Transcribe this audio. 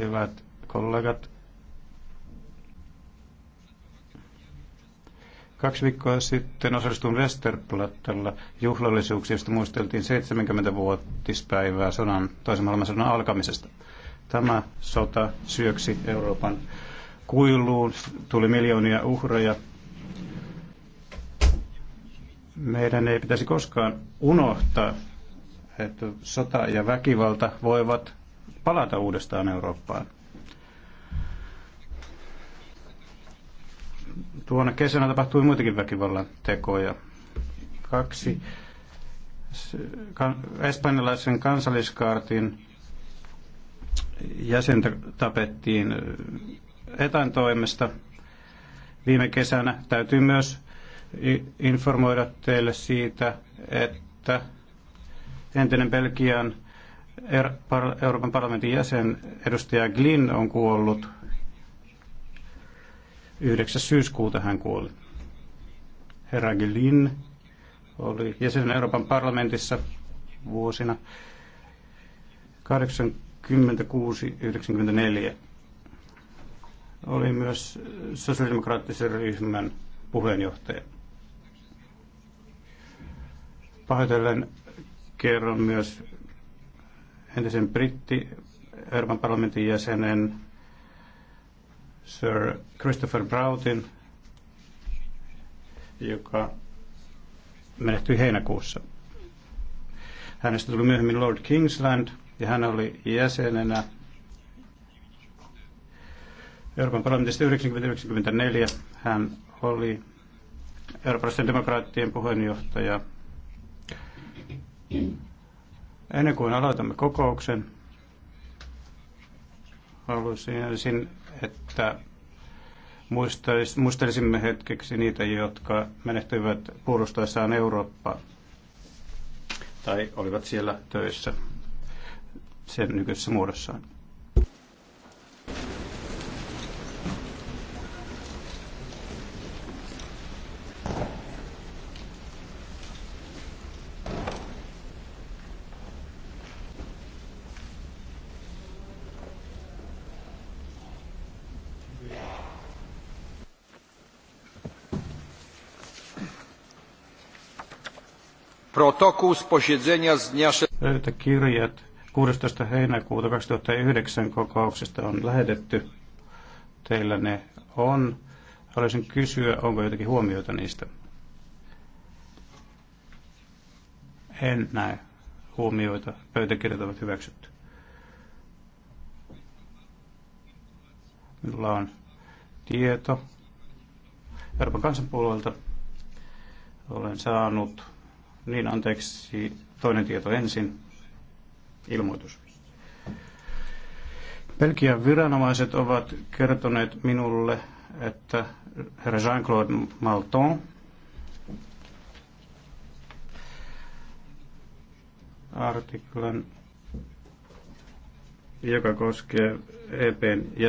hyvät kollegat. Kaksi viikkoa sitten osallistuin Westerplattella juhlallisuuksiin, josta muisteltiin 70-vuotispäivää sodan, toisen maailmansodan alkamisesta. Tämä sota syöksi Euroopan kuiluun, tuli miljoonia uhreja. Meidän ei pitäisi koskaan unohtaa, että sota ja väkivalta voivat palata uudestaan Eurooppaan. Tuona kesänä tapahtui muitakin väkivallan tekoja. Kaksi espanjalaisen kansalliskaartin jäsentä tapettiin äh, etän toimesta viime kesänä. Täytyy myös informoida teille siitä, että entinen Belgian Er-, Euroopan parlamentin jäsen edustaja Glynn on kuollut. 9. syyskuuta hän kuoli. Herra Glynn oli jäsen Euroopan parlamentissa vuosina 86-94. Oli myös sosiaalidemokraattisen ryhmän puheenjohtaja. Pahoitellen kerron myös entisen britti Euroopan parlamentin jäsenen Sir Christopher Broughtin, joka menehtyi heinäkuussa. Hänestä tuli myöhemmin Lord Kingsland ja hän oli jäsenenä Euroopan parlamentista 1994. Hän oli eurooppalaisten demokraattien puheenjohtaja Ennen kuin aloitamme kokouksen, haluaisin, että muistelisimme hetkeksi niitä, jotka menehtyivät puolustaessaan Eurooppaa tai olivat siellä töissä sen nykyisessä muodossaan. Protokół z posiedzenia z dnia... Pöytäkirjat 16. heinäkuuta 2009 kokouksesta on lähetetty. Teillä ne on. Haluaisin kysyä, onko jotakin huomioita niistä? En näe huomioita. Pöytäkirjat ovat hyväksytty. Minulla on tieto Euroopan kansanpuolueelta. Olen saanut niin, anteeksi, toinen tieto ensin. Ilmoitus. Belgian viranomaiset ovat kertoneet minulle, että herra Jean-Claude Malton artiklan, joka koskee EPn jäsen